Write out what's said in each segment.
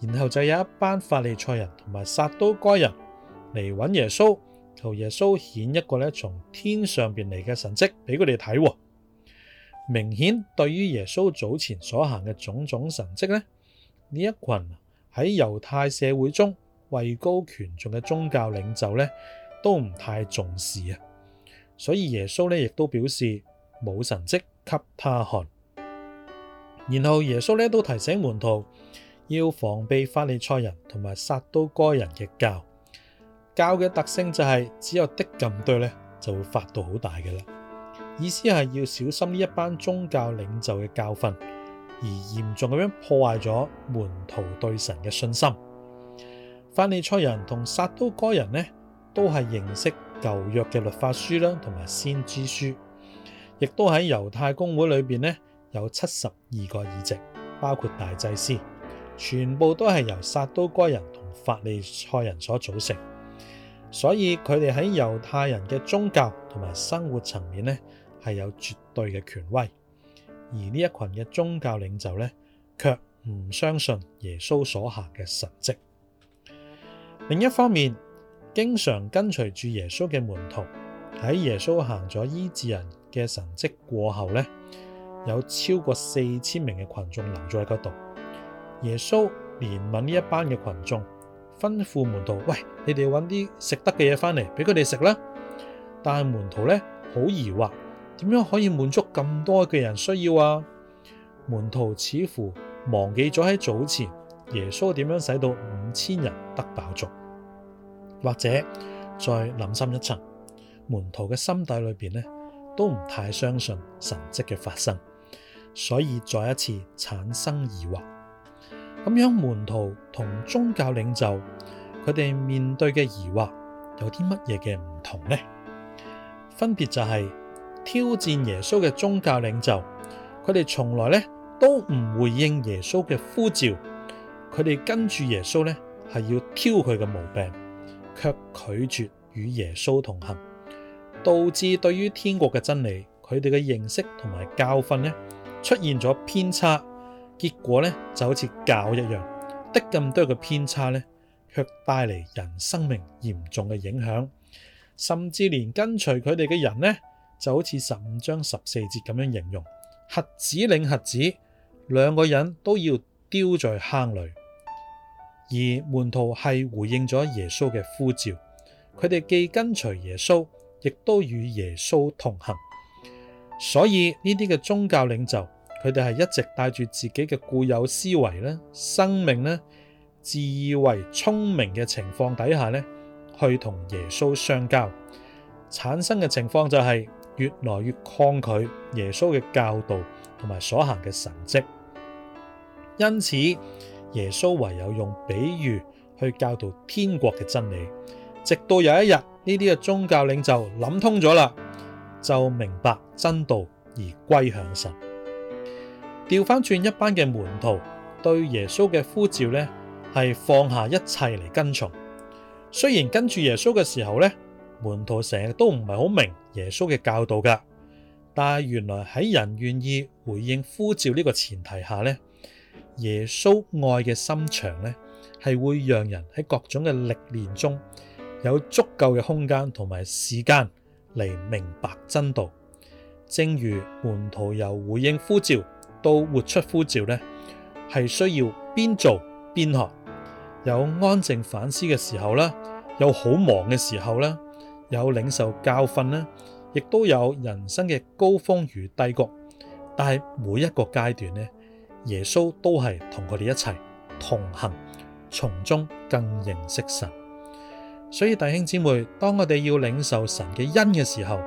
然後就有一班法利賽人同埋撒都該人嚟揾耶穌，求耶穌顯一個咧從天上邊嚟嘅神蹟俾佢哋睇。明顯對於耶穌早前所行嘅種種神蹟呢，呢一群喺猶太社會中位高權重嘅宗教領袖呢，都唔太重視啊。所以耶穌呢，亦都表示冇神蹟給他看。然後耶穌呢，都提醒門徒。要防備法利賽人同埋撒都該人嘅酵。酵嘅特性，就係只有啲咁多咧，就會發到好大嘅啦。意思係要小心呢一班宗教領袖嘅教訓，而嚴重咁樣破壞咗門徒對神嘅信心。法利賽人同撒都該人呢，都係認識舊約嘅律法書啦，同埋先知書，亦都喺猶太公會裏邊呢，有七十二個議席，包括大祭司。全部都係由撒都該人同法利賽人所組成，所以佢哋喺猶太人嘅宗教同埋生活層面咧，係有絕對嘅權威。而呢一群嘅宗教領袖咧，卻唔相信耶穌所行嘅神蹟。另一方面，經常跟隨住耶穌嘅門徒喺耶穌行咗醫治人嘅神蹟過後咧，有超過四千名嘅群眾留咗喺嗰度。耶穌憐憫呢一班嘅群眾，吩咐門徒：喂，你哋搵啲食得嘅嘢翻嚟俾佢哋食啦。但係門徒呢，好疑惑，點樣可以滿足咁多嘅人需要啊？門徒似乎忘記咗喺早前耶穌點樣使到五千人得飽足，或者再諗深一層，門徒嘅心底裏邊呢，都唔太相信神蹟嘅發生，所以再一次產生疑惑。咁樣門徒同宗教領袖，佢哋面對嘅疑惑有啲乜嘢嘅唔同呢？分別就係挑戰耶穌嘅宗教領袖，佢哋從來咧都唔回應耶穌嘅呼召，佢哋跟住耶穌咧係要挑佢嘅毛病，卻拒絕與耶穌同行，導致對於天國嘅真理，佢哋嘅認識同埋教訓咧出現咗偏差。結果咧就好似酵一樣，得咁多嘅偏差咧，卻帶嚟人生命嚴重嘅影響，甚至連跟隨佢哋嘅人呢，就好似十五章十四節咁樣形容，瞎子領瞎子，兩個人都要掉在坑裏。而門徒係回應咗耶穌嘅呼召，佢哋既跟隨耶穌，亦都與耶穌同行，所以呢啲嘅宗教領袖。佢哋係一直帶住自己嘅固有思維咧，生命咧，自以為聰明嘅情況底下咧，去同耶穌相交，產生嘅情況就係越來越抗拒耶穌嘅教導同埋所行嘅神蹟。因此耶穌唯有用比喻去教導天國嘅真理，直到有一日呢啲嘅宗教領袖諗通咗啦，就明白真道而歸向神。調翻轉一班嘅門徒對耶穌嘅呼召呢，係放下一切嚟跟從。雖然跟住耶穌嘅時候呢，門徒成日都唔係好明耶穌嘅教導噶，但係原來喺人願意回應呼召呢個前提下呢，耶穌愛嘅心腸呢，係會讓人喺各種嘅歷練中有足夠嘅空間同埋時間嚟明白真道。正如門徒由回應呼召，到活出呼召呢，係需要邊做邊學，有安靜反思嘅時候啦，有好忙嘅時候啦，有領受教訓啦，亦都有人生嘅高峰與低谷。但係每一個階段呢，耶穌都係同佢哋一齊同行，從中更認識神。所以弟兄姊妹，當我哋要領受神嘅恩嘅時候，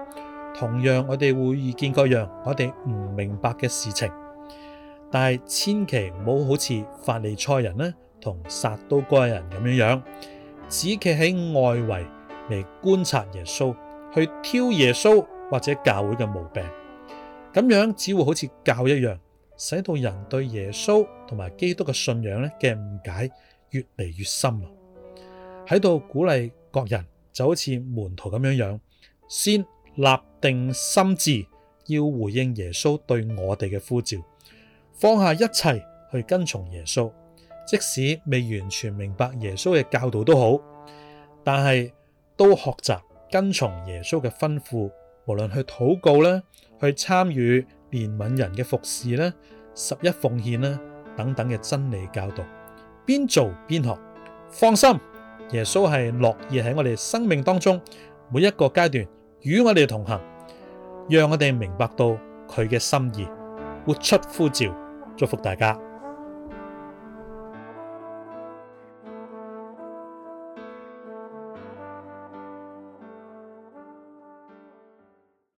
同樣我哋會遇見各樣我哋唔明白嘅事情。但係千祈唔好好似法利賽人呢同撒都該人咁樣樣，只企喺外圍嚟觀察耶穌，去挑耶穌或者教會嘅毛病，咁樣只會好似酵一樣，使到人對耶穌同埋基督嘅信仰呢嘅誤解越嚟越深。喺度鼓勵各人就好似門徒咁樣樣，先立定心志，要回應耶穌對我哋嘅呼召。放下一切去跟從耶穌，即使未完全明白耶穌嘅教導都好，但係都學習跟從耶穌嘅吩咐，無論去禱告啦，去參與憐憫人嘅服侍啦，十一奉獻啦，等等嘅真理教導，邊做邊學，放心，耶穌係樂意喺我哋生命當中每一個階段與我哋同行，讓我哋明白到佢嘅心意。活出呼召，祝福大家。